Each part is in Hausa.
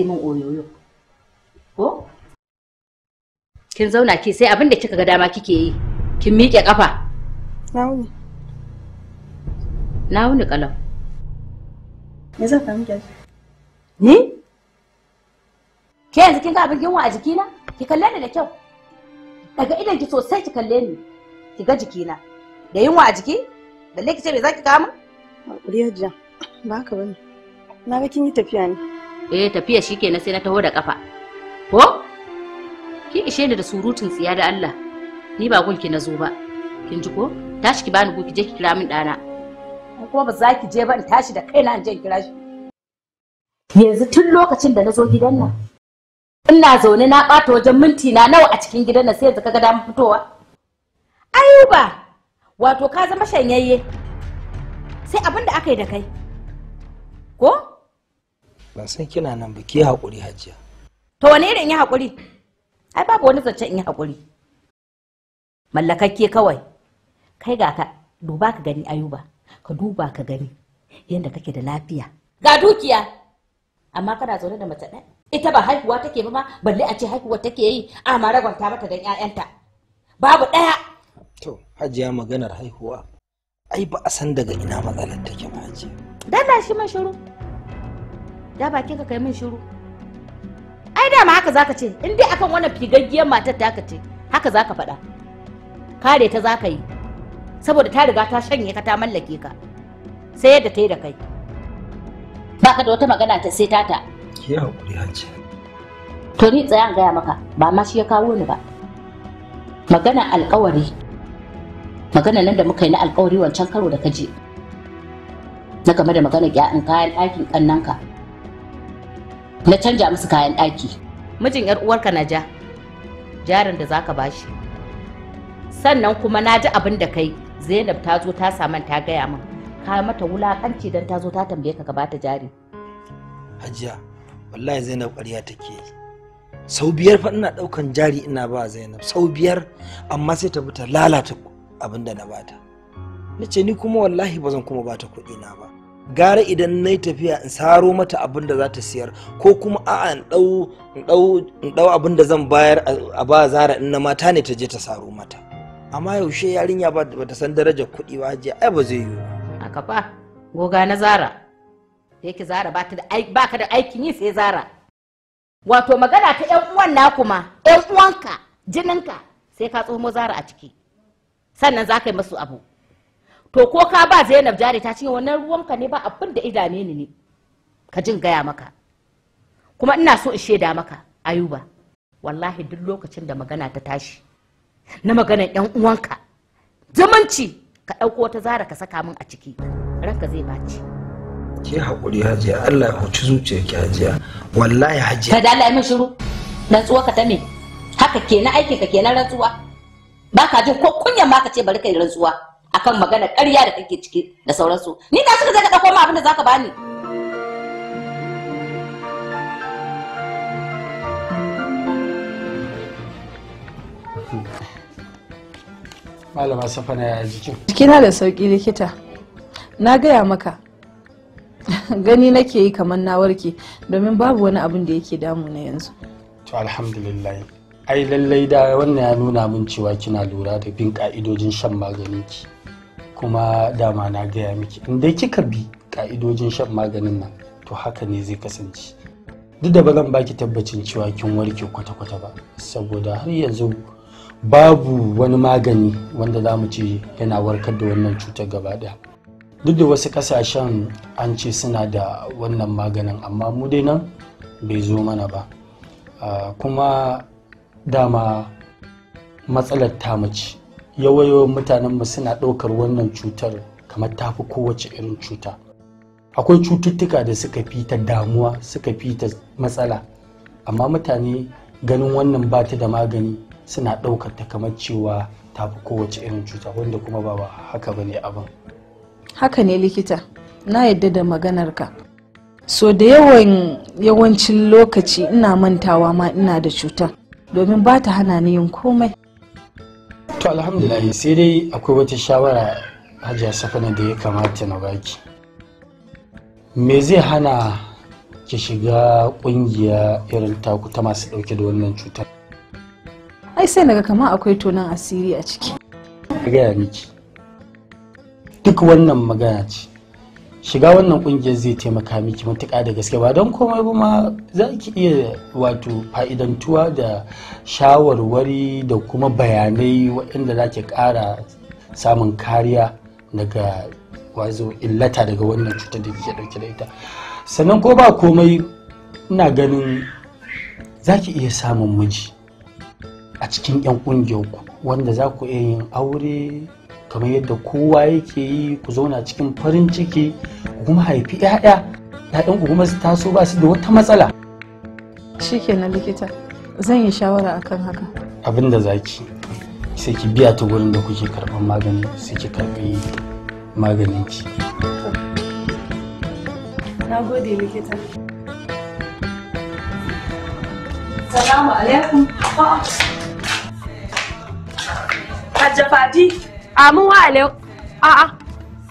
yi oyoyo ko kin zauna ki sai abin da kika ga dama kike yi kin miƙe kafa na wuni na wuni kalau me zan fahimta ni ke yanzu kin ga abin yunwa a jikina ki kalle ni da kyau daga idan ki sosai ki kalle ni ki ga jikina da yunwa a jiki balle ki ce me zaki kama? min hakuri hajja ba haka bane na ga kin yi tafiya ne eh tafiya shikenan sai na taho da kafa ko ki ishe ni da surutun tsiya da Allah ni ba gunki na zo ba kin ji ko tashi ki bani gunki je ki kira min dana ko ba za ki je ba in tashi da kaina in je in kira shi yanzu tun lokacin da na zo gidan nan ina zaune na bata wajen minti na nawa a cikin gidan nan sai yanzu kaga damu fitowa ayuba wato ka zama shanyayye sai abin da aka yi da kai ko ban san kina nan ba ki haƙuri hajiya to wani irin yi haƙuri ai babu wani zance in yi haƙuri mallakakke kawai kai ga ka duba ka gani ayuba ka duba ka gani yadda kake da lafiya ga dukiya amma kana zaune da mace ɗaya ita ba haihuwa take ba ma balle a ce haihuwa take yi a ma ragwanta mata don 'ya'yanta babu ɗaya to hajiya maganar haihuwa ai ba a san daga ina matsalar take ba hajiya dana shi mashuru da bakin ka kai min shiru ai dama haka zaka ce in dai akan wannan figaggiyar matar ta ce haka zaka faɗa kare ta zaka yi saboda ta riga ta shanye ka ta mallake ka sai yadda ta yi da kai baka da wata magana ta sai tata ki hakuri hanci to ni tsaya gaya maka ba ma shi ya kawo ni ba magana alkawari magana nan da muka yi na alkawari wancan karo da kaje na game da magana 'ya'yan kayan ɗakin ƙannanka na canja musu kayan ɗaki. Mijin ‘yar uwarka na ja, jarin da za ka bashi. Sannan kuma na ji abin da kai Zainab ta zo ta saman ta gaya min ka mata wulakanci don ta zo ta tambaye ka gabata, ta jari. Hajiya, wallahi Zainab ƙarya take Sau biyar fa ina ɗaukan jari ina ba Zainab, sau biyar amma sai ta bi ta lalata abin da na bata. Na ce ni kuma wallahi ba zan kuma bata kuɗi na ba. gara idan na yi tafiya in saro mata abin da za ta siyar ko kuma a'a in ɗau abin da zan bayar a ba zara in na mata ne ta je ta saro mata amma yaushe yarinya ba ta san darajar kuɗi ba je ai ba zai yiwu a kafa goga na zara da yake zara ba ka da aikin yi sai zara wato magana ta yan uwan na kuma yan uwanka jininka sai ka tsomo zara a ciki sannan za ka yi masu abu to ko ka ba zainab jari ta ce wannan ruwanka ne ba abin da idame ni ne ka jin gaya maka kuma ina so in shaida maka ayuba wallahi duk lokacin da magana ta tashi na maganar yan uwanka zamanci ka ɗauko wata zara ka saka min a ciki ranka zai baci ki haƙuri hajiya Allah ya huci zuciyarki hajiya wallahi hajiya ka da Allah ya shiru rantsuwa ka ta me haka kenan aikin ka kenan rantsuwa ba ka jin ko kunyan ma ka ce bari kai rantsuwa akan magana ƙarya da kake ciki da sauransu ni da suka zaka dauko abin da zaka bani Malama safana ya jikin. Jikina da sauki likita. Na gaya maka. Gani nake yi kamar na warke domin babu wani abin da yake damu na yanzu. To alhamdulillah. ai lallai da wannan ya nuna min cewa kina lura da bin ka'idojin shan maganin ki kuma dama na gaya miki in dai kika bi ka'idojin shan maganin nan to haka ne zai kasance duk da ba zan baki tabbacin cewa kin warke kwata-kwata ba saboda har yanzu babu wani magani wanda za mu ce yana warkar da wannan cutar gaba daya duk da wasu kasashen an ce suna da wannan maganin amma mu dai nan bai zo mana ba ah, kuma dama matsalar ta mace yawayawan mu suna ɗaukar wannan cutar kamar ta fi kowace irin cuta akwai cututtuka da suka fi ta damuwa suka fi ta matsala amma mutane ganin wannan ba ta da magani suna ɗaukar ta kamar cewa ta fi kowace irin cuta wanda kuma ba haka ba ne abin haka ne likita na yadda da maganarka so da yawan yawancin lokaci ina mantawa ma ina da cuta domin ba ta hana ni yin komai to alhamdulillah sai dai akwai wata shawara hajiya safana da ya kamata na baki me zai hana ki shiga kungiya irin taku ta masu dauke da wannan cutar ai sai naga kama akwai tonan asiri a ciki gaya miki duk wannan magana ce shiga wannan kungiyar zai taimaka miki matuƙa da gaske ba don komai ba ma za ki iya wato fa'idantuwa da shawarwari da kuma bayanai waɗanda za ki ƙara samun kariya daga wazo illata daga wannan cutar da kike ɗauke da ita sannan ko ba komai ina ganin za ki iya samun miji a cikin 'yan ƙungiyarku wanda za ku iya yin aure kamar yadda kowa yake yi ku zauna cikin farin ciki kuma haifi 'ya'ya 'ya'yan ku kuma su taso ba su da wata matsala shikenan likita zan yi shawara akan haka abin da zaki sai ki biya ta wurin da kuke karban magani sai ki karbi maganin ki na likita salamu alaikum ah. hajja A wa a a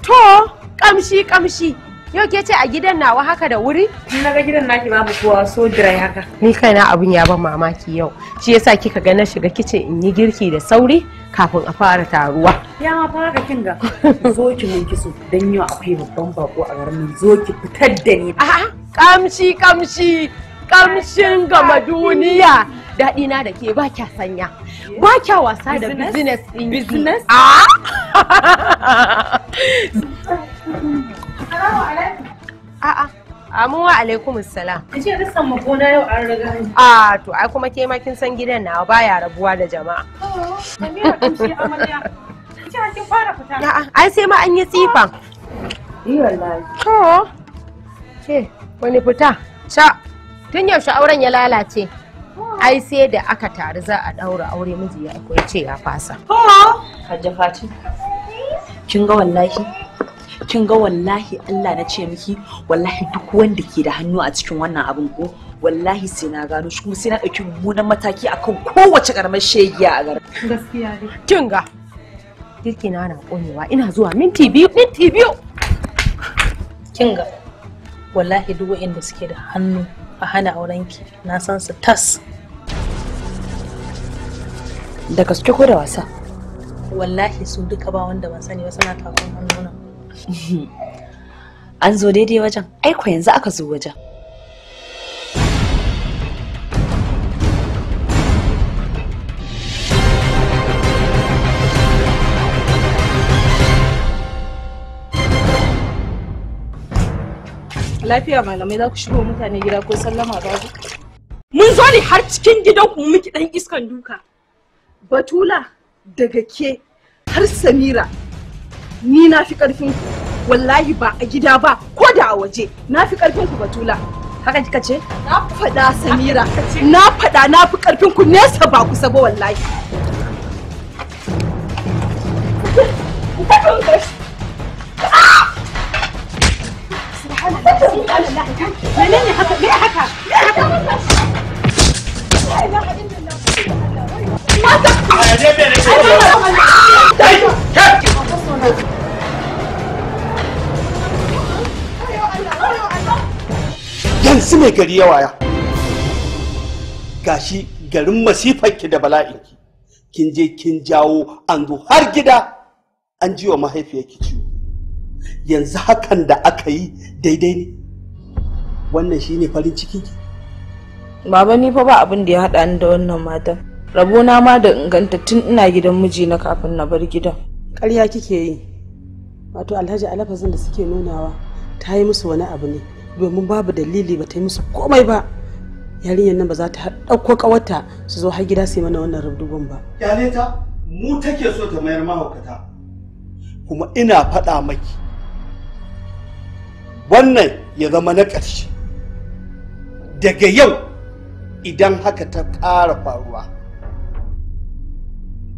to kamshi kamshi yau ke ce a gidan nawa haka da wuri na ga gidan naki babu kowa so dry haka ni kaina abin ya ban mamaki yau shi yasa kika ga na shiga kicin in yi girki da sauri kafin a fara taruwa ya ma fara kin ga zo ki mun kisu dan yau akwai babban bako a garin zo ki fitar da ni a'a kamshi kamshi kamshin gama duniya daɗi na da ke ba sanya ba wasa da business in business ah! a amu wa alaikum salam kace rissan mu gona yau an riga ni a to ai kuma ke ma kin san gidan nawa baya rabuwa da jama'a oh, Samira kan shi amarya kin fara fita a'a ai sai ma an yi tsifa Yi wallahi. To, ke wani fita? cha tun yaushe auren ya lalace. ai sai da aka taru za a daura aure miji ya aiko ce ya fasa hajja fatu kin ga wallahi kin ga wallahi Allah na ce miki wallahi duk wanda ke da hannu a cikin wannan abin ko wallahi sai na gano shi kuma sai na ɗauki mummunan mataki akan kowace karamar shegiya a garin gaskiya ne kin ga kirki na na konewa ina zuwa minti biyu minti biyu kin ga wallahi duk waɗanda suke da hannu a hana aurenki na san su tas da gaske ko da wasa wallahi su duka ba wanda ban sani ba suna takon hannuna an zo daidai wajen aiko yanzu aka zo wajen Lafiya malamai za ku shigo mutane gida ko sallama babu. Mun zo ne har cikin gidan gidanku miki dan iskan duka. Batula daga ke har Samira ni na fi karfin ku. Wallahi ba a gida ba ko da a waje na fi karfin ku Batula. Haka kika ce? Na faɗa Samira. Na faɗa na fi karfin ku nesa ba kusa ba wallahi. Ah! menene me yanzu mai gari ya waya gashi garin masifarki da bala'inki kin je kin jawo an har gida an ji wa mahaifiyarki ciwo yanzu hakan da aka yi daidai ne wannan shine farin cikin baba ni fa ba abin da ya haɗa ni da wannan matan rabona ma da ingantattun ina gidan miji na kafin na bar gidan ƙarya kike yi wato alhaji alafazin da suke nunawa ta yi musu wani abu ne domin babu dalili ba ta yi musu komai ba yarinyar nan ba za ta ɗauko ƙawarta su zo har gida su yi mana wannan rubdugun ba ta mu take so ta mayar mahaukata kuma ina faɗa maki wannan ya zama na ƙarshe daga yau idan haka ta ƙara faruwa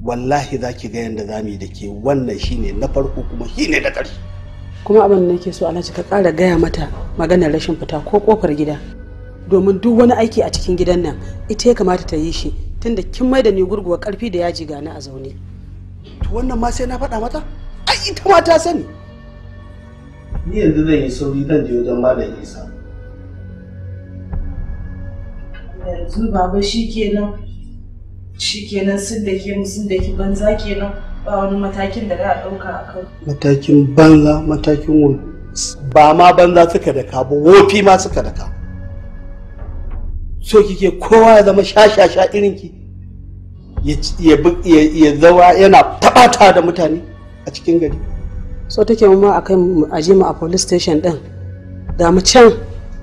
wallahi za ki ga yadda za mu yi da ke wannan shine na farko kuma shine da ƙarshe kuma abin da nake so alhaji ka ƙara gaya mata maganar rashin fita ko ƙofar gida domin duk wani aiki a cikin gidan nan ita ya kamata ta yi shi tunda kin mai da ni gurguwa ƙarfi da yaji gani a zaune to wannan ma sai na faɗa mata ai ita ma ta sani ni yanzu zan yi sauri zan je wajen malam isa yanzu baba shi kenan shi kenan sun da ke musun da ke banza kenan ba wani matakin da za a ɗauka a kan matakin banza matakin wofi ba ma banza suka da ka ba wofi ma suka da ka so kike kowa ya zama sha-sha-sha irinki ya zawa yana taɓata da mutane a cikin gari so take mu ma akan aje mu a police station din ga mu can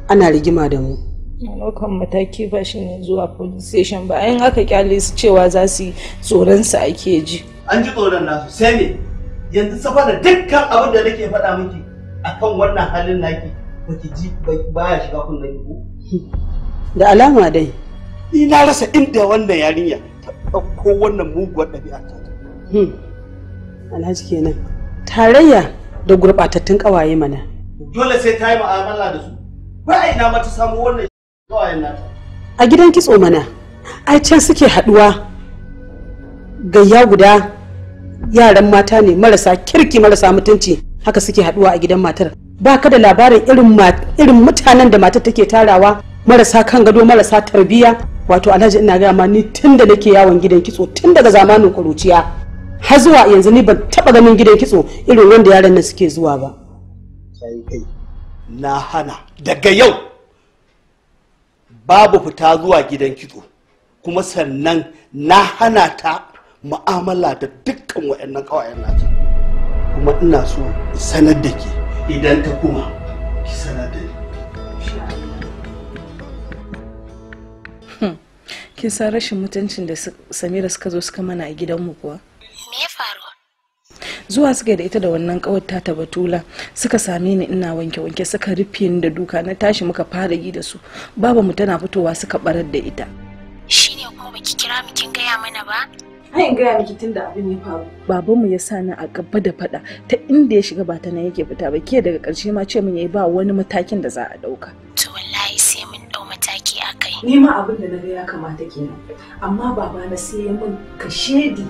ana rigima da mu ɗaukan mataki ba shi ne zuwa police station ba ayin aka kyale su cewa za su yi tsoron su ake ji an ji tsoron nasu sai ne yanzu saboda dukkan abin da nake faɗa miki akan wannan halin naki baki ji baya shiga kunnen ki da alama dai ni na rasa inda wannan yarinya ta ɗauko wannan muguwar ɗabi'a ta hmm. alhaji kenan tarayya da gurɓatattun ƙawaye mana dole sai ta yi mu'amala da su ba a ina mata samu wannan ƙawayen nata a gidan kitso mana ai can suke haɗuwa gayya guda yaran mata ne marasa kirki marasa mutunci haka suke haɗuwa a gidan matar ba ka da labarin irin mutanen da matar take tarawa marasa kan gado marasa tarbiyya wato alhaji ina gaya ma ni tun da nake yawon gidan kitso tun daga zamanin kuruciya har zuwa yanzu ni ban taba ganin gidan kitso irin wanda yaran nan suke zuwa ba na hana daga yau babu fita zuwa gidan kitso kuma sannan na hana ta mu'amala da dukkan waɗannan kawayen nata kuma ina so sanar da ke idan ta kuma ki sanar da ni hmm. kin san rashin mutuncin da samira suka zo suka mana a gidanmu kuwa me ya faruwa? zuwa suka da ita da wannan kawar ta batula suka same ni ina wanke wanke suka rufe ni da duka na tashi muka fara yi da su baba mu tana fitowa suka barar da ita shine kuma baki kira mu kin gaya mana ba ai gaya miki tunda abin ya faru baban mu ya sa ni a gaba da fada ta inda ya shiga ba ta nan yake fita ba ke daga karshe ma ce ya yi ba wani matakin da za a dauka to wallahi sai mun dau mataki akai ni ma abin da na ga ya kamata kenan amma baba na sai ya min kashedi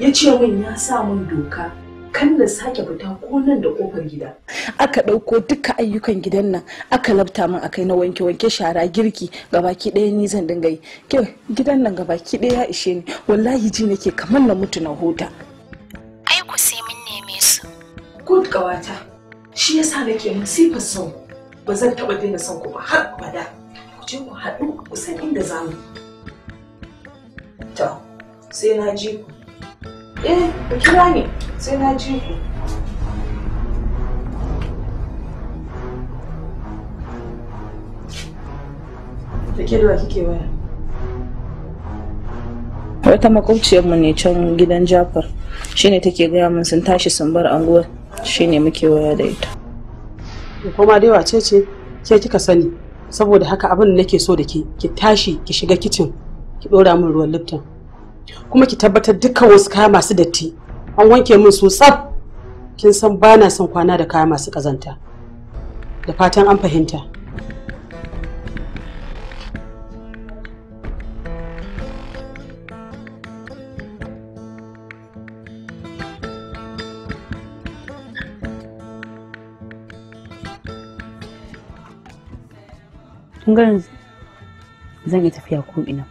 ya ce min ya sa min doka kan da sake fita ko nan da kofar gida aka ɗauko duka ayyukan gidan nan aka labta min akai na wanke wanke shara girki gabaki ɗaya ni zan dinga yi kyau gidan nan gabaki ɗaya ya ishe ni wallahi ji nake kamar na mutu na huta ai ku sai mun neme su good kawata shi yasa nake musifar son ba zan taɓa daina son ku ba har abada ku je ku haɗu ku san inda zamu to sai na ji ku eh ku kira ni sai na ji da ke da kike waya wata makwabciyarmu ne can gidan jafar shine take gaya min sun tashi sun bar anguwar shine muke waya da ita koma dai wace ce ke kika sani saboda haka abin da nake so da ke ki tashi ki shiga kicin ki dora min ruwan lifton. kuma ki tabbatar dukkan wasu kaya masu datti an wanke min su tsaf kin san ba na son kwana da kaya masu kazanta da fatan an fahimta tun zan tafiya ko ina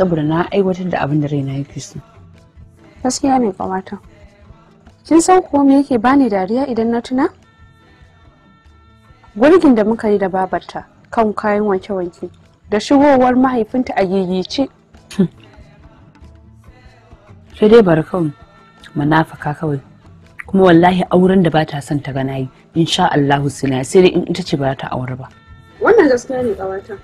saboda na aiwatar da abin da raina yake so gaskiya ne kamata kin san ko me yake bani dariya idan na tuna gurgin da muka yi da babarta kan kayan wanke-wanke da shigowar mahaifinta a yayyace sai dai bari kawai munafaka kawai kuma wallahi auren da ba ta son ta gana yi sha Allahu sai dai in ita ce ba ta aure ba wannan gaskiya ne kawata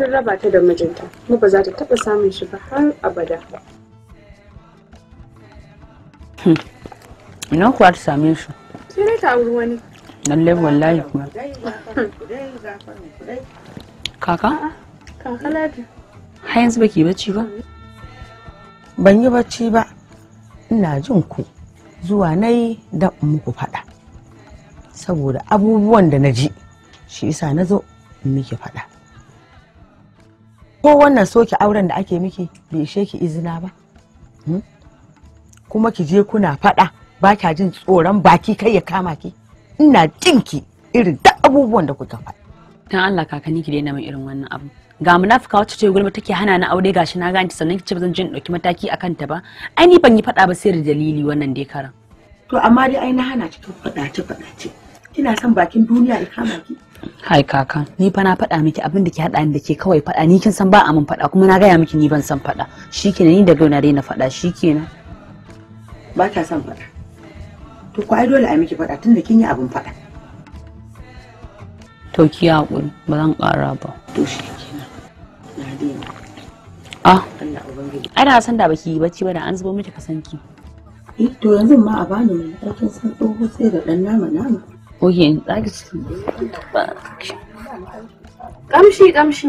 sun raba ta da mijinta kuma ba za ta taba samun shi ba har abada. Hmm. Ina kuwa ta same shi? Sai dai ta auri wani. Lallai wallahi kuma. Kaka? Kaka Ladi. Ha yanzu ba baki bacci ba? Ban yi bacci ba. Ina jin ku zuwa na yi da muku faɗa. Saboda abubuwan da na ji shi isa na zo miki faɗa. ko wannan soke auren da ake miki bai ishe ki izina ba hmm? kuma ki je kuna faɗa ba kya jin tsoron baki kai ya kama ki ina jin ki irin da abubuwan da kuka faɗa dan Allah kakanni ki daina min irin wannan abu ga munafika wacce ce gulma take hana na aure gashi na gani sannan ki ce bazan jin dauki mataki akan ta ba ai ni ban yi faɗa ba sai da dalili wannan dai karan to amma dai ai na hana ki to faɗa ta faɗa ce kina son bakin duniya ya kama ki Hai kaka. Ni fa na faɗa miki abin da ke haɗa ni da ke kawai faɗa ni kin san ba a mun faɗa kuma na gaya miki ni ban san faɗa. Shikenan ni da dai na daina faɗa shikenan. Ba ta san faɗa. To ku ai dole a miki faɗa tunda kin yi abin faɗa. To ki haƙuri ba zan ƙara ba. To shikenan. Na daina. Ah. Allah ubangiji. Ana san da baki yi bacci ba da an zubo miki kasanki. Eh to yanzu ma a bani ne. Ɗaukin san tsoho sai da ɗan nama nama. Oye, zaki Kamshi, kamshi.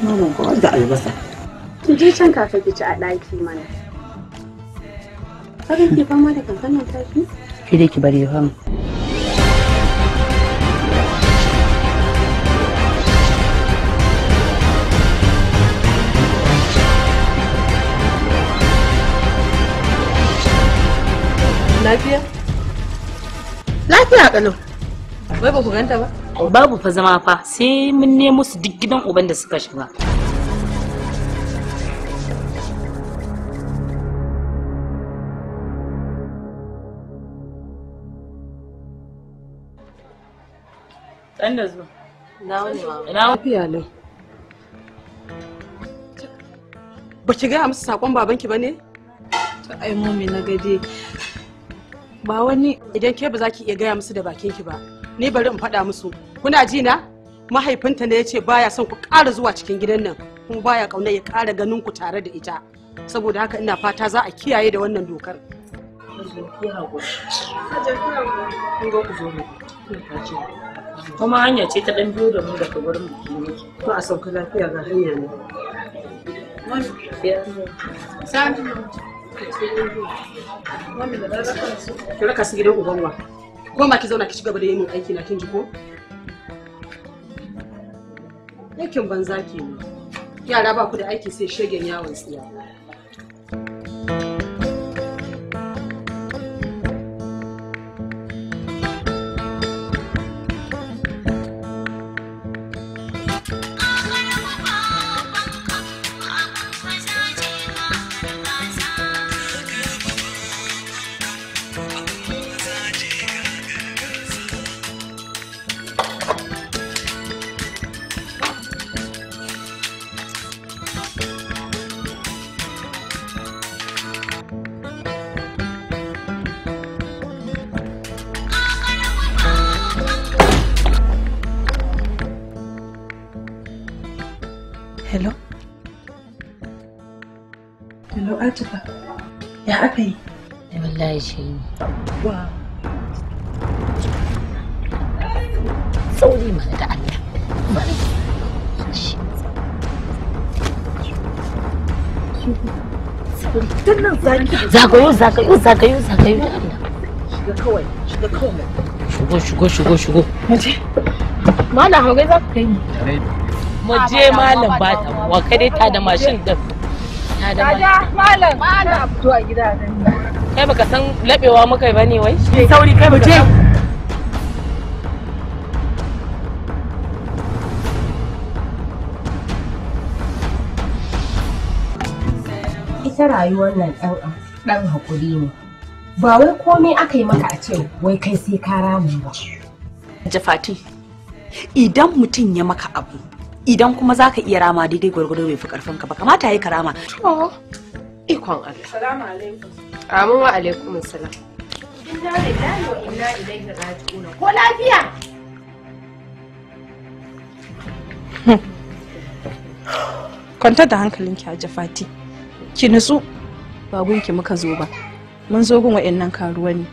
Mama, ko da albasa. Ki je can kafa ki ci a ɗaki mana. Kaga ki fama da kankanin taki? Ki dai ki bari lafiya? Lafiya kalau. Wai ba ku ganta ba? Babu fa zama fa sai mun nemo su duk gidan uban da suka shiga. Dan da zuwa. Na wani mama. Na lafiya lau. Ba ki gaya musu saƙon babanki ba ne? ai mummy na gade. ba wani idan ke ba za ki iya gaya musu da bakin ki ba ni bari in faɗa musu kuna ji na mahaifinta ne ya ce baya son ku ƙara zuwa cikin gidan nan kuma baya ƙauna ya ƙara ganin ku tare da ita saboda haka ina fata za a kiyaye da wannan dokar kuma hanya ce ta ɗan biyo da mu daga wurin biki a sauka lafiya ga hanya ne ki raka su gidan ubanwa goma ki zauna ki ci gaba yin aiki na kin ko aikin banza ke yara ba ku da aiki sai shegen yawon tsiya zagayo zagayo zagayo zagayo da Allah shiga kawai shiga kawai shigo shigo shigo shigo muje malam haugai za ka kai ni muje malam ba ta wa kai ta da mashin din ta da malam malam to a gida nan kai baka san labewa muka yi bane wai sauri kai muje ita rayuwar nan ɗan dan haƙuri ne ba wai komai aka yi maka a ce wai kai sai ka ramu ba jafatin idan mutum ya maka abu idan kuma za ka iya rama daidai gwargwado bai fi karfin ka ba kamata ya yi karama to ikon Allah salamu alaikum amin wa alaikum salam inna ko lafiya kwanta da hankalinki a jafati ki nutsu ba gunki muka zo ba mun zo gun wa'annan karuwa ne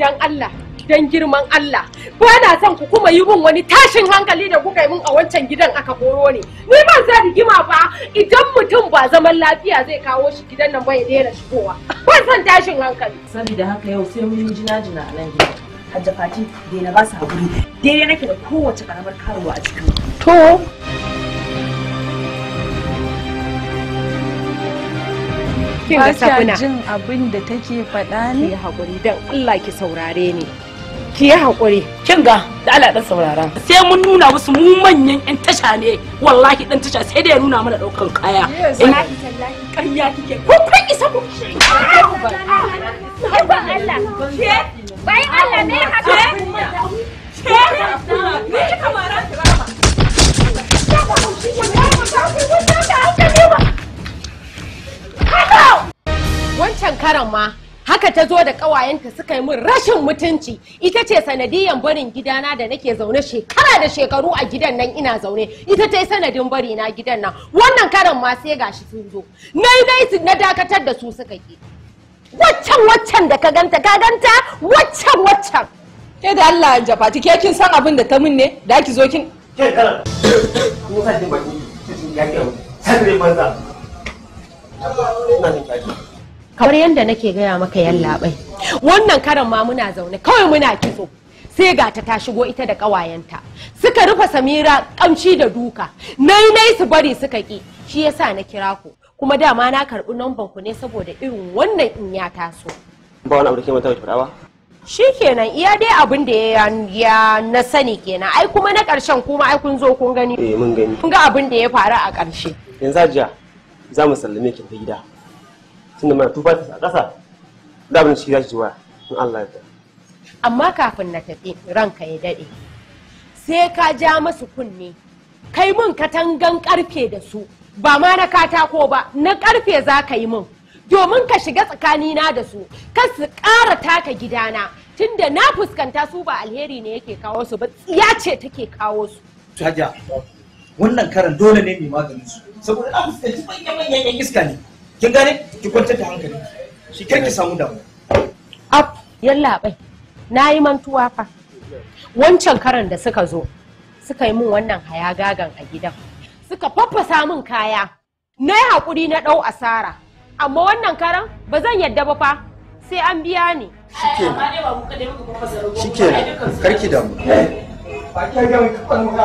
dan Allah dan girman Allah ba na son ku kuma yi min wani tashin hankali da kuka yi min a wancan gidan aka koro ne ni ba za rigima ba idan mutum ba zaman lafiya zai kawo shi gidan nan ba ya daina shigowa ba son tashin hankali saboda haka yau sai mun yi jina jina a nan gidan Hajja Fati daina ba su haƙuri daidai nake da kowace karamar karuwa a cikin to kin jin abin da take faɗa ne ki hakuri dan Allah ki saurare ni ki yi hakuri kin ga da Allah ɗan saurara sai mun nuna musu mu manyan yan tasha ne wallahi ɗan tasha sai dai ya nuna mana ɗaukan kaya wallahi tallahi ƙarya kike ko kun isa ku Allah bayan Allah me haka ke kamar ba. Wancan karan ma haka ta zo da ƙawayenta suka yi min rashin mutunci ita ce sanadiyan barin gidana da nake zaune shekara da shekaru a gidan nan ina zaune ita ta yi sanadin bari na gidan nan wannan karan ma sai gashi sun zo nai nai na dakatar da su suka ke. waccan waccan da ka ganta ka ganta waccan waccan ke da Allah an jafa ke kin san abin da ta min ne da ki zo kin ke karan ko ka ji baki kin ya ke sai banza kamar yadda nake gaya maka yallaɓai wannan karan ma muna zaune kawai muna kitso sai ga ta ta shigo ita da ƙawayenta suka rufe samira kamshi da duka nai nai su bari suka ki shi yasa na kira ku kuma dama na karɓi namban ku ne saboda irin wannan in ya taso ba wani abu da ke mata wata shi kenan iya dai abin da ya na sani kenan ai kuma na ƙarshen kuma ai kun zo kun gani eh, mun gani kun ga abin da ya faru a ƙarshe yanzu ajiya za mu sallame ki ta gida tunda mana tufa ta a ƙasa za mu shiga zuwa in Allah ya amma kafin na tafi ranka ya dade sai ka ja masu kunne kai mun katangan karfe da su ba ma na katako ba na karfe za ka yi mun domin ka shiga tsakanina da su ka su ƙara taka gidana tunda na fuskanta su ba alheri ne yake kawo su ba tsiya ce take kawo su wannan karan dole ne mai maganin su saboda na fuskanci manyan manyan yan iska ne kin gane ki kwantar da hankali shi kar ki samu damuwa ab yalla bai na yi mantuwa fa wancan karan da suka zo suka yi min wannan hayagagan a gidan suka faffasa min kaya na yi haƙuri na ɗau asara amma wannan karan ba zan yadda ba fa sai an biya ni shike shike karki damu ba ki ga mun kafa nuna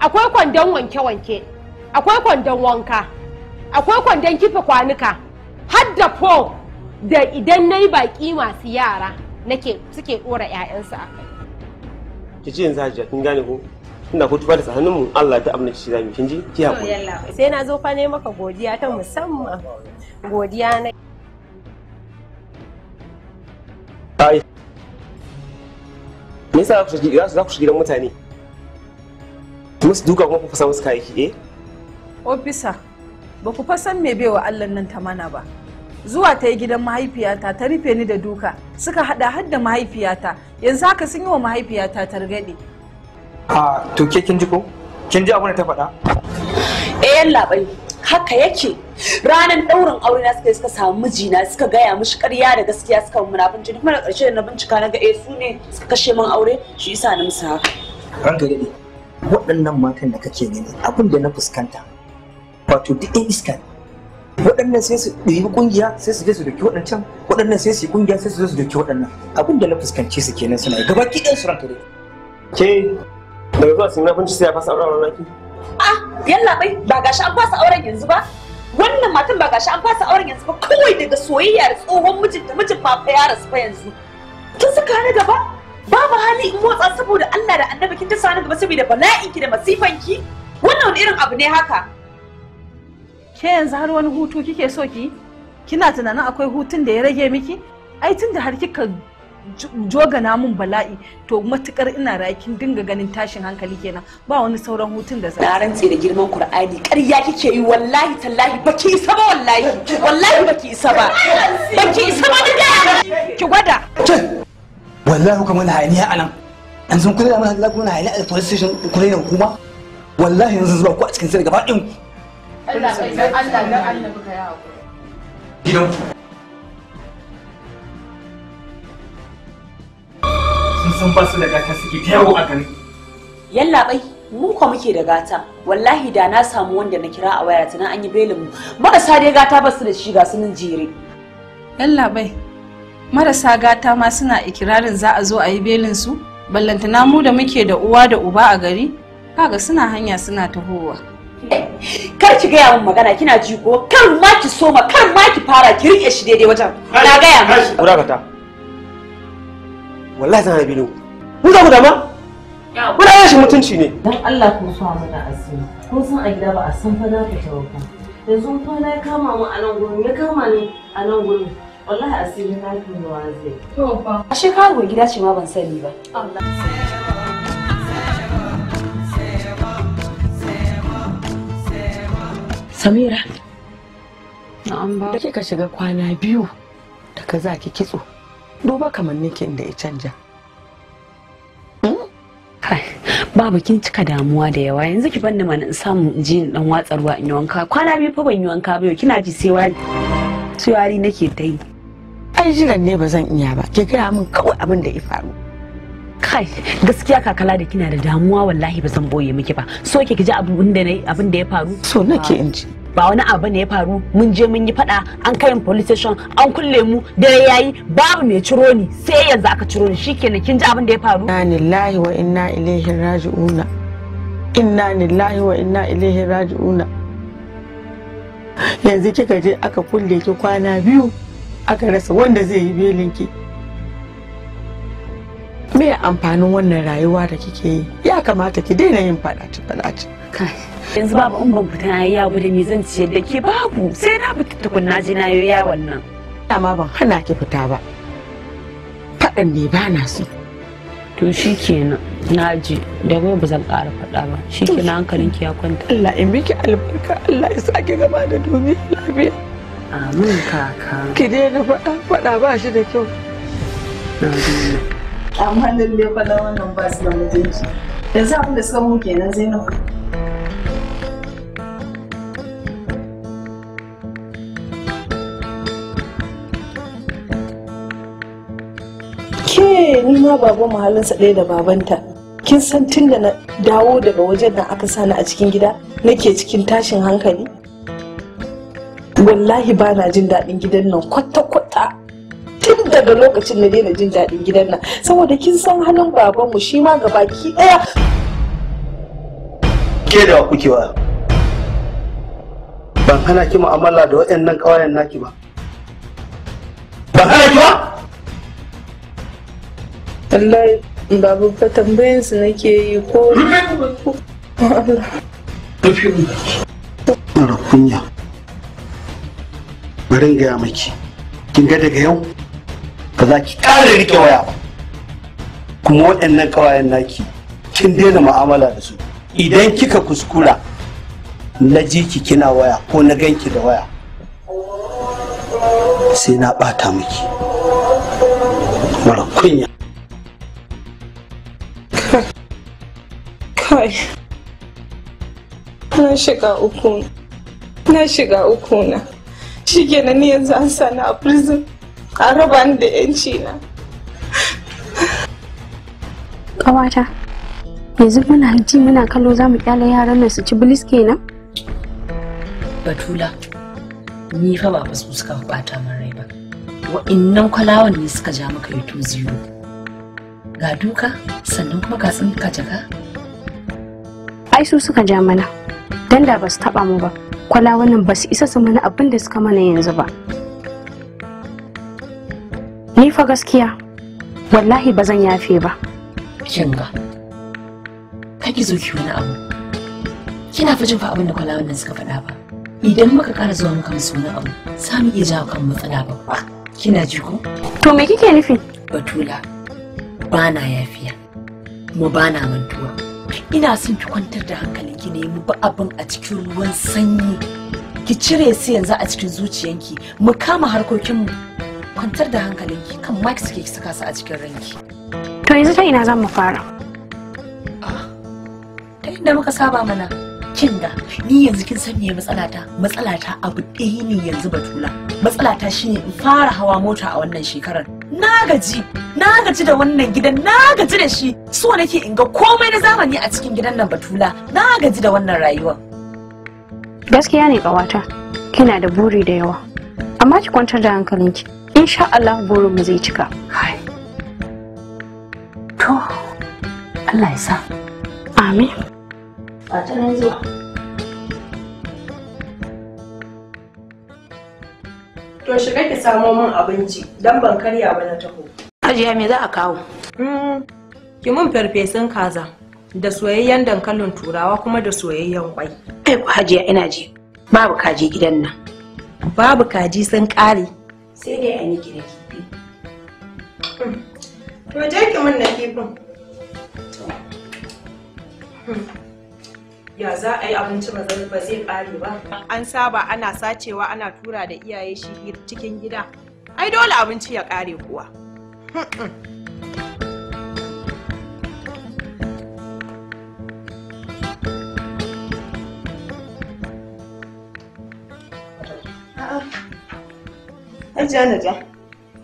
akwai kwandon wanke-wanke akwai kwandon wanka akwai kwandon kifa kwanuka har da po da idan na yi baƙi masu yara nake suke ɗora 'ya'yansu a kai ki ce yanzu hajiya kin gane ko ina ku tuba da sahanin mu Allah ta abin shi zamu kin ji ki hakuri sai na zo fa ne maka godiya ta musamman godiya na Me yasa za ku shiga gidan mutane? musu duka kuma kuka samu wasu aiki eh ofisa ba ku fasan me baiwa Allah nan ta mana ba zuwa ta yi gidan mahaifiyata ta rufe ni da duka suka haɗa har da mahaifiyata yanzu haka sun yi wa mahaifiyata targaɗe a to ke kin ji ko kin ji abin da ta faɗa eh yalla bai haka yake ranar ɗaurin aure na suka suka samu mijina suka gaya mishi ƙarya da gaskiya suka munafunci duk mana ƙarshe na bincika na ga eh su ne suka kashe min aure shi yasa na musu haka ranka daɗe waɗannan matan da kake gani abin da na fuskanta wato duk ɗin iska ne waɗannan sai su ɗibi ƙungiya sai su je su doki waɗancan waɗannan sai su yi ƙungiya sai su je su doki waɗannan abin da na fuskanci su kenan suna yi gaba ki ɗan su ranka dai ke daga zuwa sun nafin sai ya fasa auren ranaki ah yalla bai ba gashi an fasa auren yanzu ba wannan matan ba gashi an fasa auren yanzu ba kawai daga soyayya da tsohon mijinta mijin ba fa ya rasu fa yanzu kin saka ni gaba babu hali in motsa saboda Allah da annabi kin ta sani gaba saboda bala'in ki da masifan ki wannan wani irin abu ne haka ke yanzu har wani hutu kike so ki kina tunanin akwai hutun da ya rage miki ai tun da har kika jogana namun bala'i to matukar ina rakin dinga ganin tashin hankali kenan ba wani sauran hutun da za a rantse da girman qur'ani ƙarya kike yi wallahi tallahi baki isa ba wallahi wallahi baki isa ba baki isa ba ki gwada wallahi kuma na hayaniya a nan yanzu kun da mana kuna hayaniya a police station kun ne hukuma wallahi yanzu zuba ku a cikin sai gaba din Allah Allah Allah Allah baka ya gidan sun san ba su da gata suke ta a gari yalla bai mu ko muke da gata wallahi da na samu wanda na kira a waya tunan an yi belin mu marasa dai gata ba su da shi ga sunan jere yalla bai marasa gata ma suna ikirarin za a zo a yi belin su ballantana mu da muke da uwa da uba a gari kaga suna hanya suna tahowa kar ki gaya min magana kina ji ko kar ma ki soma kar ma ki fara ki rike shi daidai wajen na gaya miki kurakata wallahi zan rabe ku mu za mu dama kuna yin shi mutunci ne dan Allah ku so mu da asiri ko san a gida ba a san fa za ku tawo yanzu fa na kama mu a nan gurin ya kama ni a nan gurin wallahi asiri na tunuwa zai to fa ashe karuwa gida ce ma ban sani ba Samira na'am ba kika shiga kwana biyu daga za ki kitso duba kamar nikin da ya canja hmm? babu kin cika damuwa da yawa yanzu ki banni mana in samu in je dan watsa ruwa in yi wanka kwana biyu fa ban yi wanka ba kina ji sai wari nake ta yi ai nan ne ba zan iya ba ke gaya min kawai abin da ya faru kai gaskiya kakala da kina da damuwa wallahi ba zan boye miki ba so ke ji abin da abin da ya faru so nake in ji ba wani abu ne ya faru mun je mun yi fada an kai mu police station an kulle mu dare yayi babu mai ciro ni sai yanzu aka ciro ni shikenan kin ji abin da ya faru inna wa inna ilaihi raji'una inna lillahi wa inna ilaihi raji'una yanzu kika je aka kulle ki kwana biyu aka rasa wanda zai yi belinki me amfanin wannan rayuwa da kike yi ya kamata ki daina yin fadace fadace yanzu babu in ban fita ya gudu ni zan ciyar da ke babu sai na fita tukunna je na yi yawon nan amma ban hana ki fita ba fadan ne ba na so to shikenan na ji da gobe ba zan ƙara faɗa ba shikenan hankalinki ya kwanta Allah in miki albarka Allah ya sake gama da duniya lafiya Amin kaka. Ki daina faɗa faɗa ba shi da kyau. Amma lalle faɗa wannan ba su da mutunci. Yanzu abin da suka mun zai Zainab. Ke ni ma baban mahalinsa ɗaya da babanta. Kin san tun da na dawo daga wajen da aka sani a cikin gida nake cikin tashin hankali? wallahi ba na jin daɗin gidan nan kwata-kwata tun daga lokacin da daina jin daɗin gidan nan saboda kin san halin babanmu shi ma ga baki ɗaya ke da kuke wa ban hana ki mu'amala da waɗannan ƙawayen naki ba ban hana ki ba wallahi babu ka tambayin su nake yi ko Allah kunya bari gaya maki kin ga daga yau ba za ki ƙara rike waya ba kuma waɗannan ƙawayen naki kin daina mu'amala da su idan kika kuskura na ji ki kina waya ko na ganki da waya sai na ɓata miki mara kunya kai na shiga uku na shiga uku na shi ne ni yanzu an sani a prison an raba ni da yanci na kawata yanzu muna ji muna kallo za mu kyale yaran nan su ci bilis kenan batula ni fa ba su suka bata min rai ba wa'innan kwalawan ne suka ja maka yato zero ga duka sannan kuma ka ka jaka ai su suka ja mana dan da ba su taba mu ba kwalawanin ba su isa su mana abin da suka mana yanzu ba ni fa gaskiya wallahi ba zan yafe ba kinga ka ki zo wani abu kina fa jin fa abin da kwalawan suka faɗa ba idan muka ƙara zuwa muka musu wani abu za mu iya jawo kan matsala babba kina ji ko to me kike nufi batula bana yafiya kuma bana mantuwa ina son ki kwantar da hankali ki nemi abin a cikin ruwan sanyi ki cire su yanzu a cikin zuciyanki mu kama harkokinmu kwantar da hankalinki kan mike suke ki saka su a cikin ranki to yanzu ta ina zan mu fara ah, ta inda muka saba mana kin da ni yanzu kin san me matsalata matsalata abu ɗaya ne yanzu batula matsalata shine in fara hawa mota a wannan shekarar na gaji na gaji da wannan gidan na gaji da shi so nake in ga komai na zamani a cikin gidan nan batula na gaji da wannan rayuwa gaskiya ne kawata kina da buri da yawa amma ki kwantar da hankalinki insha Allah burin mu zai cika to Allah ya sa amin ba zuwa shiga ki samo min abinci dan ban karya ba na taho ajiya me za a kawo hmm, ki mun farfesun kaza da soyayyen dankalin turawa kuma da soyayyen kwai ai hajiya ina ji babu kaji gidan nan babu kaji sun kare sai dai a yi da kifi hmm. to je ki mun na kifin hmm. ya za a yi abinci ba zai ƙare ba an saba ana sacewa ana tura da iyaye shi cikin gida ai dole abinci ya ƙare kuwa Hajiya ja.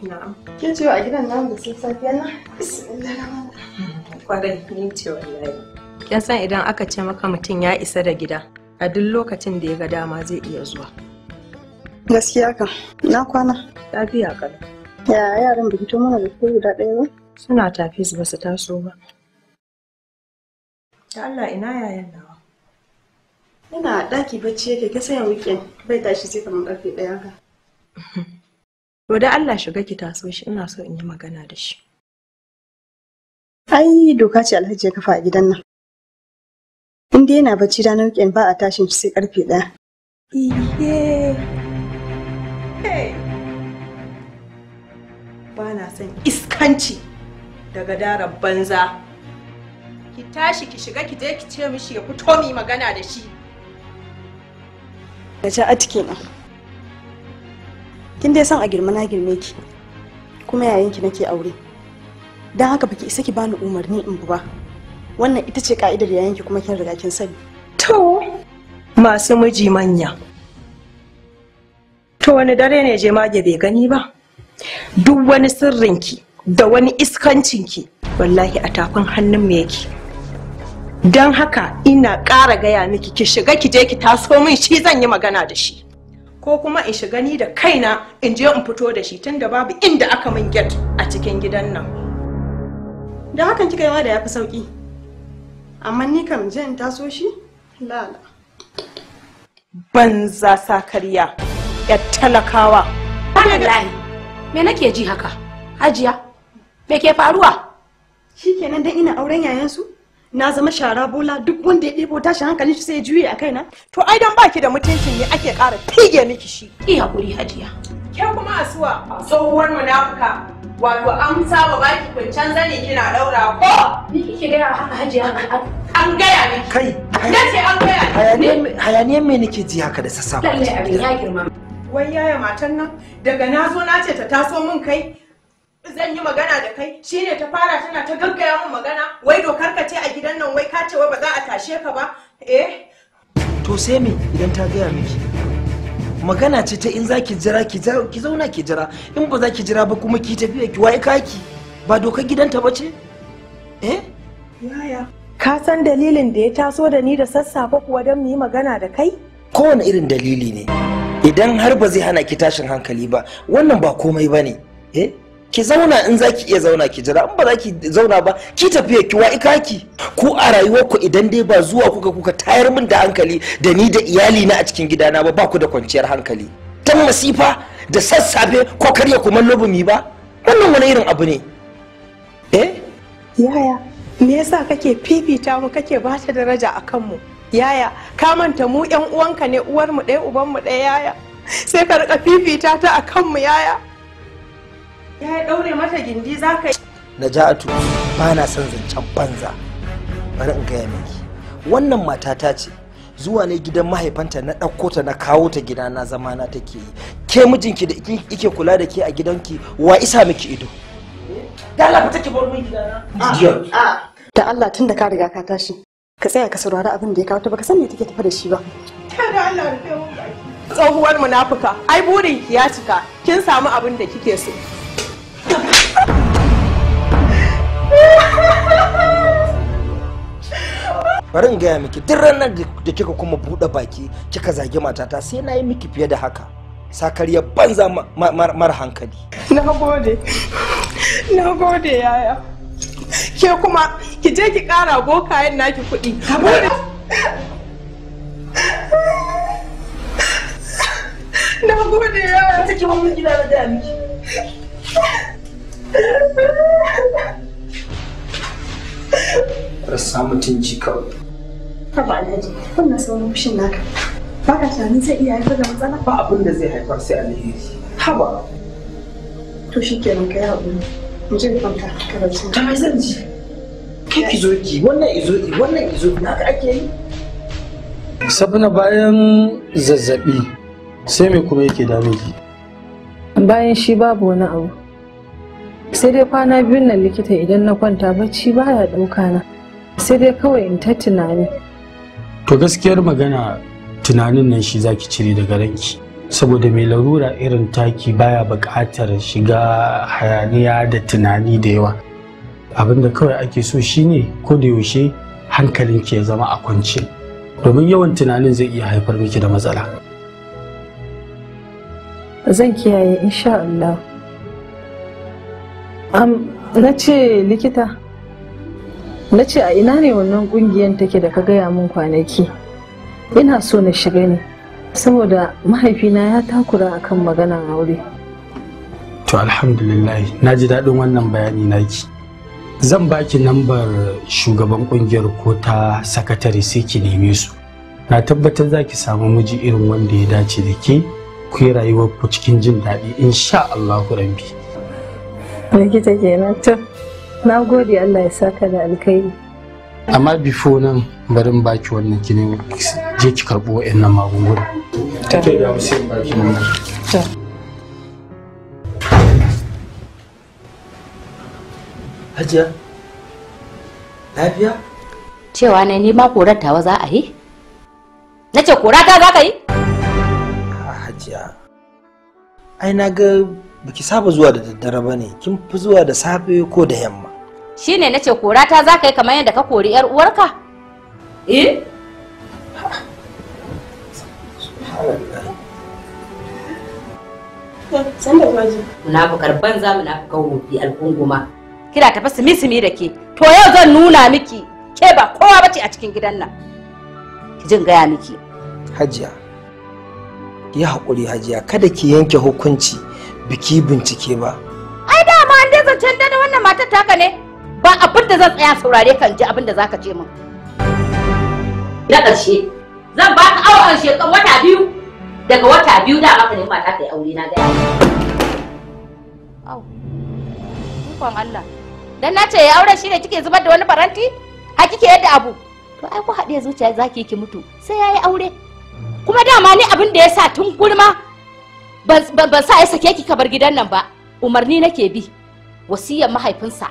Na'am. Kin ce a gidan nan da sun safiya na? Bismillahirrahmanirrahim. Kwarai, ni ce wallahi. kin san idan aka ce maka mutum ya isa da gida a duk lokacin da ya ga dama zai iya zuwa gaskiya kan na kwana lafiya kan ya yaran ba fito mana da ko guda ɗaya ba suna tafi su ba su taso ba ta Allah ina yayan nawa ina ɗaki bacci yake kin san weekend bai tashi sai kamar karfe ɗaya ka to da Allah shiga ki taso shi ina so in yi magana da shi ai doka ce alhaji ya kafa a gidan nan in yana bacci ranar weekend ba a tashin shi sai karfe ɗaya. Ba na son iskanci daga daren banza. Ki tashi ki shiga ki je ki ce mishi ya fito mi magana da shi. Gaja a na. Kin dai san a girma na girme ki. Kuma yayin ki nake aure. Don haka baki isa ki bani umarni in buba. wannan ita ce ka'idar yayanki kuma kin riga kin sani to masu miji manya to wani dare ne je mage bai gani ba duk wani sirrinki da wani iskancinki wallahi a tafin hannun me yake don haka ina ƙara gaya miki ki shiga ki je ki taso min shi zan yi magana da shi ko kuma in shiga ni da kaina in je in fito da shi tunda babu inda aka min get a cikin gidan nan don hakan kika yi da ya fi sauƙi. amma ni kam in taso shi lala banza karya ya talakawa wallahi me nake ji haka hajiya me ke faruwa shikenan dan ina auren yayansu na zama shara bola duk wanda ya debo tashi hankalin shi sai ya juye a kaina to ai dan baki da mutuncin ne ake kara fige miki shi ki hakuri hajiya ke kuma asuwa tsohuwar munafuka wato an saba baki kwancan zane kina daura ko ni kike gaya haka hajiya an gaya miki kai nace an gaya miki hayaniyan me nake ji haka da sassafe lalle abin ya girma wai yaya matan nan daga nazo na ce ta taso min kai zan yi magana da kai shine ta fara tana ta gaggaya mun magana wai dokar ka ce a gidan nan wai ka ce wai ba za a tashe ka ba eh to sai me idan ta gaya miki magana ce ta in za ki jira ki zauna ki jira in ba za ki jira ba kuma ki tafiya ki ka kaki ba dokar gidanta ba ce eh yaya ka san dalilin da ya taso da ni da sassafe kuwa don mu yi magana da kai kowane irin dalili ne idan har ba zai hana ki tashin hankali ba wannan ba komai ba ne eh ki zauna in za ki iya zauna ki jira in ba za ki zauna ba ki tafiya ki wa ikaki ku a rayuwarku idan dai ba zuwa kuka kuka tayar min da hankali da ni da iyali na a cikin gidana ba ba ku da kwanciyar hankali tan masifa da sassafe ko karya kumallo mi ba wannan wani irin abu ne eh yaya me yasa kake fifita mu kake ba ta daraja akan mu yaya ka manta mu yan uwanka ne uwar mu ɗaya uban mu ɗaya yaya sai ka rika fifita ta akan mu yaya ya daure mata gindi za ka yi naja'atu ba na son zancen banza bari in gaya miki wannan matata ce zuwa ne gidan mahaifanta na ɗauko ta na kawo ta gida na zama na take yi ke mijinki da ike kula da ke a gidanki wa isa miki ido dala fita ki bar min gidana da Allah tun da ka riga ka tashi ka tsaya ka saurari abin da ya kawo ta baka san me take tafa da shi ba kada Allah rufe mun baki tsohuwar munafuka ai burin ki ya cika kin samu abin da kike so bari in gaya miki duk ranar da kika kuma buɗe baki kika zagi matata sai na yi miki fiye da haka sakarya banza mara hankali na gode na gode yaya ke kuma ki je ki kara bokayen naki kuɗi na gode yaya take mamun gida na gaya miki Rasa mutunci kawai. Haba Alhaji, wannan saurin fushin naka. Ba ka tunanin zai iya haifar da matsala? Ba abin da zai haifar sai alheri. Haba. To shi kenan kai haƙuri. Mu je kwanta ka rauci. Ta mai zan ji. Kai ki zo ki, wannan izo ki, wannan izo ki, haka ake yi. Sabna bayan zazzaɓi sai me kuma yake dame ki? Bayan shi babu wani abu. sai dai kwana biyun nan likita idan na kwanta bacci baya ɗauka na sai dai kawai in ta tunani to gaskiyar magana tunanin nan shi zaki cire daga ranki saboda mai larura irin taki baya buƙatar shiga hayaniya da tunani da yawa abin da kawai ake so shine ko da yaushe ki ya zama a kwance domin yawan tunanin zai iya haifar miki da matsala zan kiyaye insha Allah na ce likita na ce a ina ne wannan kungiyan take da ka gaya min kwanaki ina so na shiga ne saboda mahaifina ya takura akan maganar aure to alhamdulillah na ji daɗin wannan bayani naki zan baki lambar shugaban kungiyar ko ta sakatare sai ki neme su na tabbatar za ki samu miji irin wanda ya dace da ke ku yi rayuwar ku cikin jin daɗi insha Allahu rabbi likita kenan to na gode Allah ya saka da alkhairi amma bifo nan barin baki wannan kinin je ki karbo wayannan magunguna take da musin baki nan Hajiya lafiya cewa ne ni ma korar tawa za a yi na nace korata za ka yi a hajiya ai na ga baki saba zuwa da daddare ba ne kin fi zuwa da safe ko da yamma shine na ce korata za ka yi kamar yadda ka kori yar uwarka eh sanda maji munafukar banza munafukar wofi alkunguma kira tafi simi simi da ke to yau zan nuna miki ke ba kowa bace a cikin gidan nan ki jin gaya miki hajiya ya haƙuri hajiya kada ki yanke hukunci biki bincike ba ai ma an dai zancen da wannan matar taka ne ba abin da zan tsaya saurare kan ji abin da zaka ce min na ƙarshe zan ba ka awon shekaru wata biyu daga wata biyu da maka ne mata kai aure na gaya au ikon Allah dan na ce ya aure shi ne kike zubar da wani faranti ha kike yadda abu to ai ku haɗe zuciya zaki ki mutu sai yayi aure kuma dama ni abin da ya sa tun gurma ban sa ya sake ki kabar gidan nan ba umarni nake bi wasiyar mahaifinsa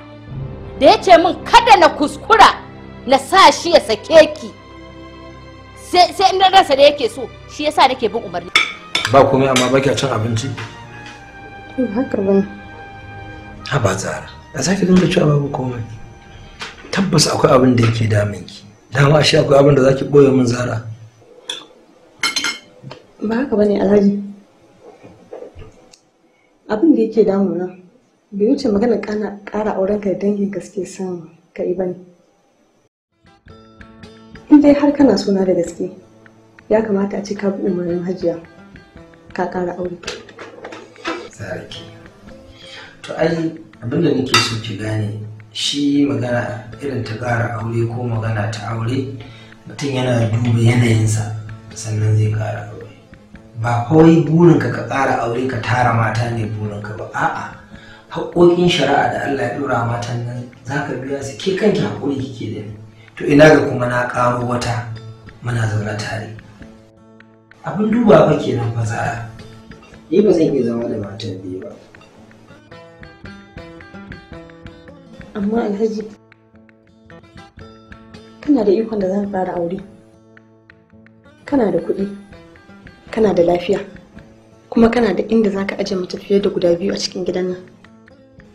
da ya ce min kada na kuskura na sa shi ya sake ki sai in ransa da yake so shi yasa nake bin umarni ba komai amma ba kya cin abinci haka ba ha ba tsara a sake dinga cewa babu komai tabbas akwai abin da yake damin ki dama shi akwai abin da zaki boye min zara ba haka bane alhaji abin da yake damuna bai wuce magana kara auren ka dangin ka suke son ka yi bane in dai har kana suna da gaske ya kamata a ci ka bi umarnin hajiya ka ƙara aure sarki to ai abin da nake so ki gane shi magana irin ta kara aure ko magana ta aure mutum yana duba yanayinsa sannan zai ƙara aure ba kawai burinka ka ƙara aure ka tara mata ne burinka ba a'a haƙoƙin shari'a da Allah ya ɗora matan nan za ka biya su ke kanki haƙoƙi kike da ni to ina ga kuma na ƙaro wata muna zaune tare abin duba ba nan fa zara ni ba zan iya zama da matan biyu ba amma alhaji kana da ikon da za ka ƙara aure kana da kuɗi kana da lafiya kuma kana da inda za ka ajiye mace fiye da guda biyu a cikin gidan nan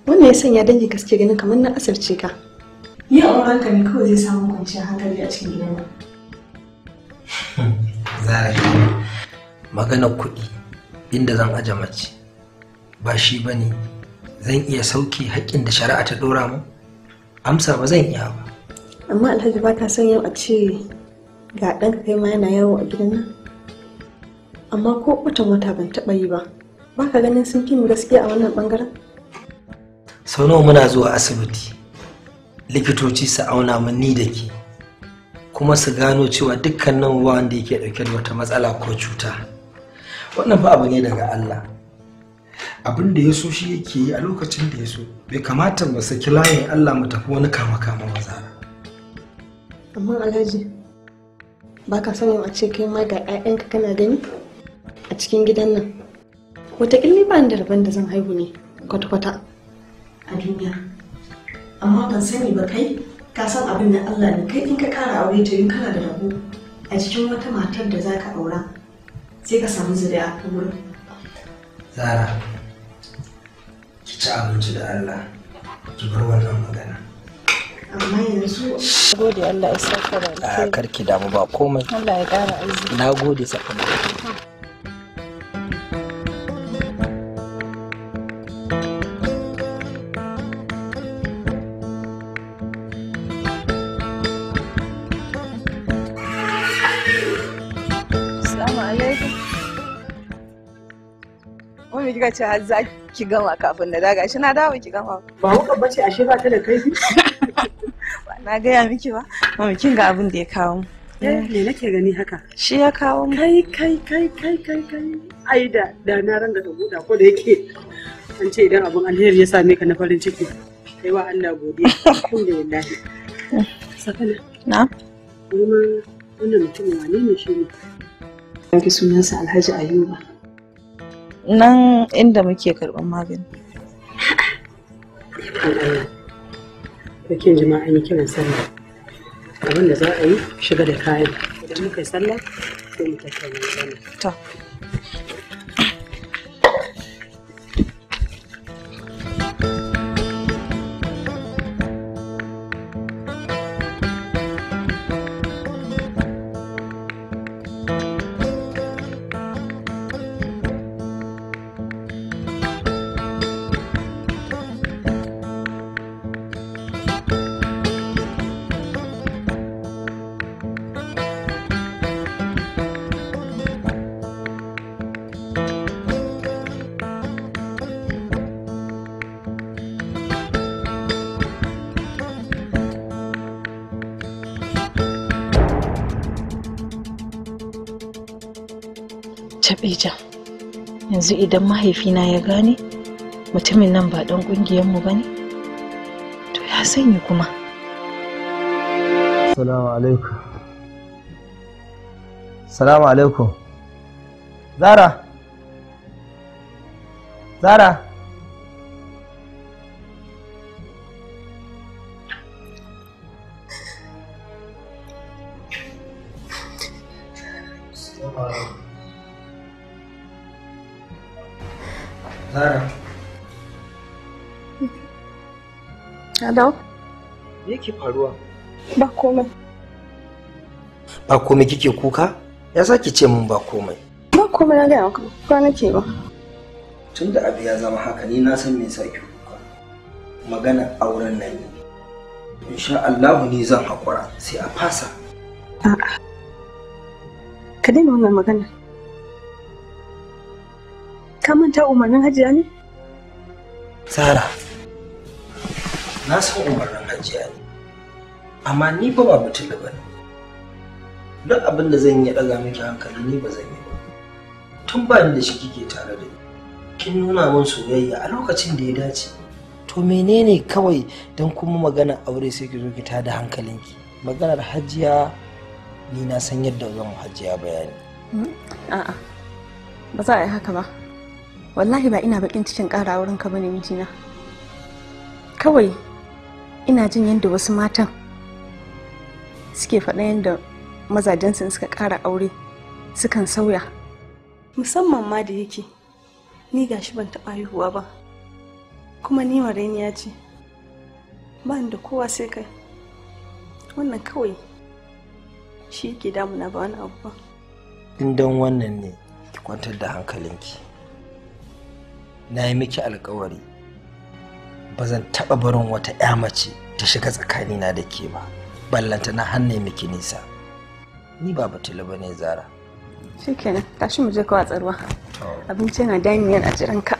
wannan ya sanya dangi gaske ganin kamar na asirce ka yi auren ka ne kawai zai samu kwanciyar hankali a cikin gidan nan zara maganar kuɗi inda zan aje mace ba shi ba ne zan iya sauke haƙƙin da shari'a ta ɗora mu amsa ba zan iya ba amma alhaji ba ka son yau a ce ga ɗanka kai ma yana yawo a gidan nan amma ko watan wata ban taba yi ba ba ka ganin sun fi gaskiya a wannan ɓangaren sau nawa muna zuwa asibiti likitoci su auna mu ni da ke kuma su gano cewa dukkanin wanda yake ɗauke da wata matsala ko cuta wannan ba abu ne daga Allah abin da ya so shi yake yi a lokacin da ya so bai kamata ba su layin Allah mu tafi wani kama kama maza amma alhaji ba ka sanin a ce kai ma ga 'ya'yanka kana gani a cikin gidan nan wataƙila ba da rabon da zan haihu ne kwata-kwata a duniya amma ban sani ba kai ka san abin da allah ne kai in ka kara aure ta yin kana da rabo a cikin wata matar da za ka aura sai ka samu zuri a wurin zara ki ci abinci da allah ki bar wannan magana amma yanzu gode allah ya saka da a karki damu ba komai allah ya kara arziki na gode sakamakon kika ce har za ki gama kafin na daga shi na dawo ki gama ba haka bace ashe ba ta da kaifi na gaya miki ba mami kin ga abin da ya kawo eh, me nake gani haka shi ya kawo mu kai kai kai kai kai kai ai da da na ranga da buda ko da yake an ce idan abin alheri ya same ka na farin ciki kai wa Allah godiya alhamdulillah sakana na kuma wannan mutum wane ne shi ne sunansa Alhaji Ayuba nan inda muke karɓar magani Bikin jima'a an yi kiran sallah abinda za a yi shiga da kayan idan muka yi sallah sai mu tattauna magana Khadija yanzu idan mahaifina ya gane mutumin nan ba ɗan ƙungiyarmu ba ne to ya sanyi kuma salamu alaikum salamu alaikum zara zara dawo? Me yake faruwa? Ba komai. Ba komai kike kuka? Ya sake ce min ba komai. Ba komai na gaya maka kuka nake ba. Tun da abu ya zama haka ni na san me ya ki kuka. Magana auren nan ne. Insha Allah ni zan haƙura sai a fasa. A'a. Ka daina wannan magana. Ka manta umarnin hajiya ne? Sara. na san umarnin hajiya ne amma ni ba ba mutum ba ne duk abin da zan yi ɗaga miki hankali ni ba zan yi ba tun ba ni da shi kike tare da ni kin nuna min soyayya a lokacin da ya dace to menene kawai don kuma magana aure sai ki zo ki tada hankalinki maganar hajiya ni na san yadda zan hajiya bayani hmm? a'a ba za a yi haka ba wallahi ba ina bakin cikin ƙara wurin ka bane mijina kawai ina jin yadda wasu matan suke faɗa yadda mazajensu suka ƙara aure sukan sauya musamman ma da yake ni gashi ban taɓa haihuwa ba kuma ni ya ce ba da kowa sai kai wannan kawai shi yake damuna ba wani abu ba in don wannan ne ki kwantar da hankalinki na yi miki alkawari ba zan taɓa barin wata 'ya mace ta shiga tsakanina da ke ba ballanta na hanne miki nisa ni ba batulu ba ne zara shikenan tashi mu je kawa tsarwa abinci na dami a jiran ka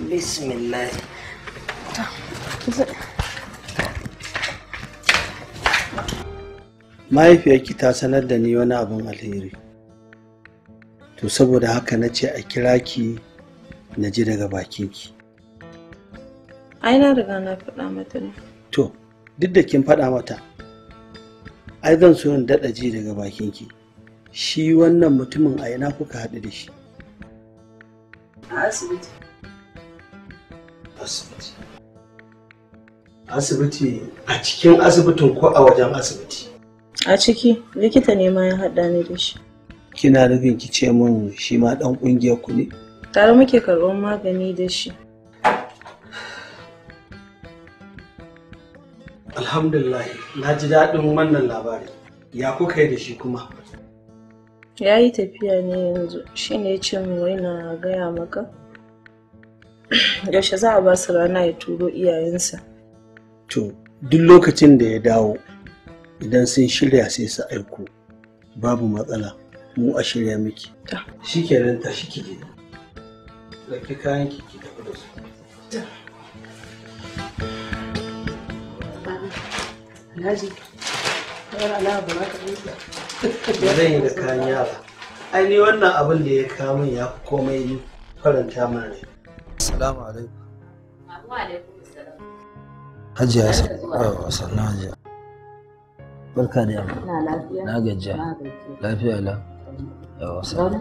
bismillah mahaifiyarki ta sanar da ni wani abin alheri to saboda haka na ce a kira ki na ji daga bakinki ai na riga na faɗa mata ne to duk da kin faɗa mata ai zan so in daɗa ji daga bakinki shi wannan mutumin a ina kuka haɗu da shi a asibiti asibiti asibiti a cikin asibitin ko a wajen asibiti a ciki likita ne ma ya haɗa ni da shi kina nufin ki ce min shi ma ɗan ƙungiyar ku ne tare muke karɓar magani da shi alhamdulillah na ji daɗin wannan labari ya kuka yi da shi kuma ya yi tafiya ne yanzu shi ne cin wai na gaya maka yaushe za a ba su rana ya turo iyayensa to duk lokacin da ya dawo idan sun shirya sai su aiko babu matsala mu a shirya miki shi ke ta shi ki da ki kayan ki ki tafi da su alhaji kawar yi da kayan yara ai ni wannan abin da ya kawo min ya fi komai faranta mana ne assalamu alaikum hajiya sannan hajiya barka da yamma na gajiya lafiya la yawa sannan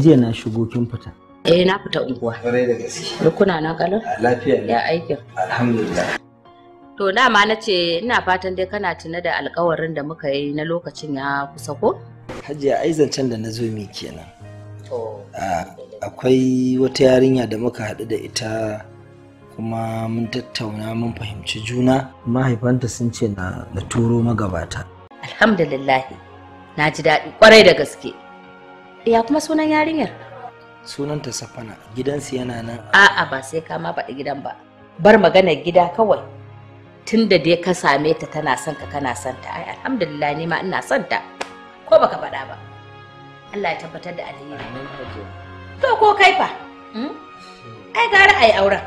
jiya na shigo kin fita eh na fita unguwa kwarai da gaske kuna na kalar lafiya ya aikin alhamdulillah To dama na ce ina fatan dai kana tuna da alkawarin da muka yi na lokacin ya kusa ko? Hajiya ai zancen da na zo mi kenan. Akwai wata yarinya da muka haɗu da ita kuma mun tattauna mun fahimci juna mahaifanta sun ce na turo magabata. Alhamdulillah na ji daɗi kwarai da gaske. Ya kuma sunan yarinyar? Sunanta Safana gidansu yana nan. A'a ba sai kama faɗi gidan ba. Bar magana gida kawai. tun da dai ka same ta tana son ka kana son ta ai alhamdulillah ni ma ina son ta ko baka faɗa ba Allah ya tabbatar da alheri to ko kai fa hmm? ai gara ai auren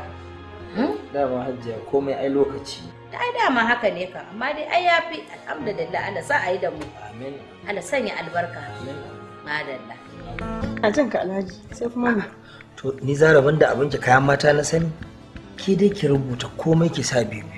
hmm? dama hajjiya komai ai lokaci da ai dama haka ne fa? amma dai ai yafi alhamdulillah Allah sa ayi da mu amin Allah sanya albarka amin madalla a jin ka alhaji sai kuma ni to ni zara banda abin kayan mata na sani ki dai ki rubuta komai ki sa bibi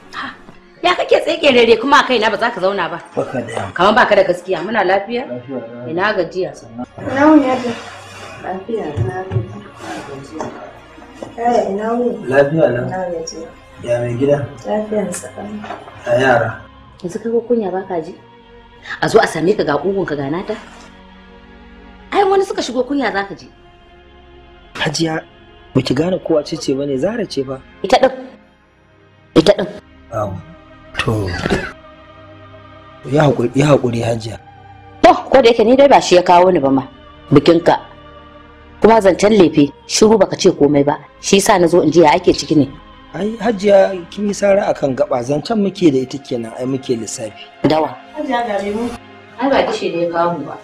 kake tsekerere kuma kai na ba za ka zauna ba baka da kamar baka da gaskiya muna lafiya ina gajiya ina wuni yadda lafiya na gajiya eh, ina wuni lafiya na gajiya ya mai gida lafiyan sa a yara yanzu kai ga kunya baka ji a zo a same ka ga kugun ka gana ta ai wani suka shigo kunya ka ji hajiya miki gane kowa ce ce bane zara ce ba ita din ita din to ya haƙuri hajiya to ko da yake ni dai ba shi ya kawo ni ba ma bikinka kuma zancen lefe shiru baka ce komai ba shi yasa na zo in ji ya ake ciki ne ai hajiya kin yi sara akan gaba zancen muke da ita kenan ai muke lissafi dawa hajiya ga mu. An ba kishi ne ya kawo mu ba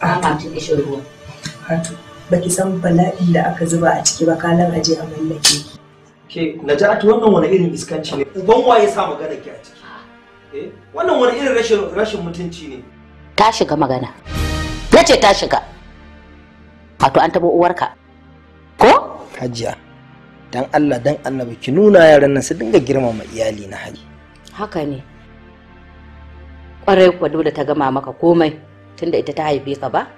ba ma ci kishin ruwa baki san bala'in da aka zuba a ciki ba kalan aje a mallake ke najatu wannan wani irin iskanci ne uban ya sa magana ki a ciki ah. eh wannan wani irin rashin rashin mutunci ne ta shiga magana nace ta shiga wato an tabo uwarka ko hajiya dan Allah dan annabi ki nuna yaran nan su dinga girmama iyali na haji haka ne kwarai kuwa dole ta gama maka komai tunda ita ta haife ka ba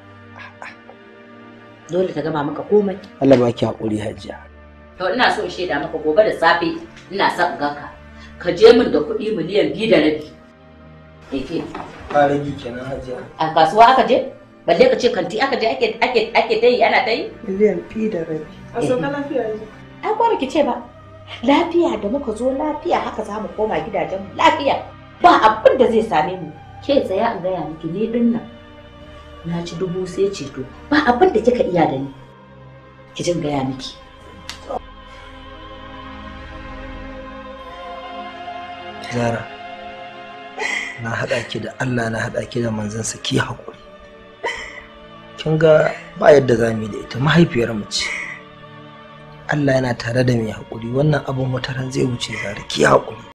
dole ta gama maka komai Allah ba hakuri hajiya to ina so in shaida maka gobe da safe ina son ganka ka je min da kuɗi miliyan biyu da rabi ka faragi kenan hajiya a kasuwa aka je balle ka ce kanti aka je ake ake ake ta yi ana ta yi miliyan biyu da rabi a ka lafiya ne ai ko ki ce ba lafiya da muka zo lafiya haka za mu koma gidajenmu lafiya ba abin da zai same mu ke tsaya in gaya miki ne din nan na ci dubu sai ceto ba abin da kika iya da ni ki jin gaya miki Zara, na haɗa ki da Allah na haɗa ki da manzansa ki hakuri. Kin ga ba yadda za mu da ita mahaifiyar mu ce. Allah yana tare da mai hakuri, wannan abin mutaran zai wuce Zara ki haƙuri.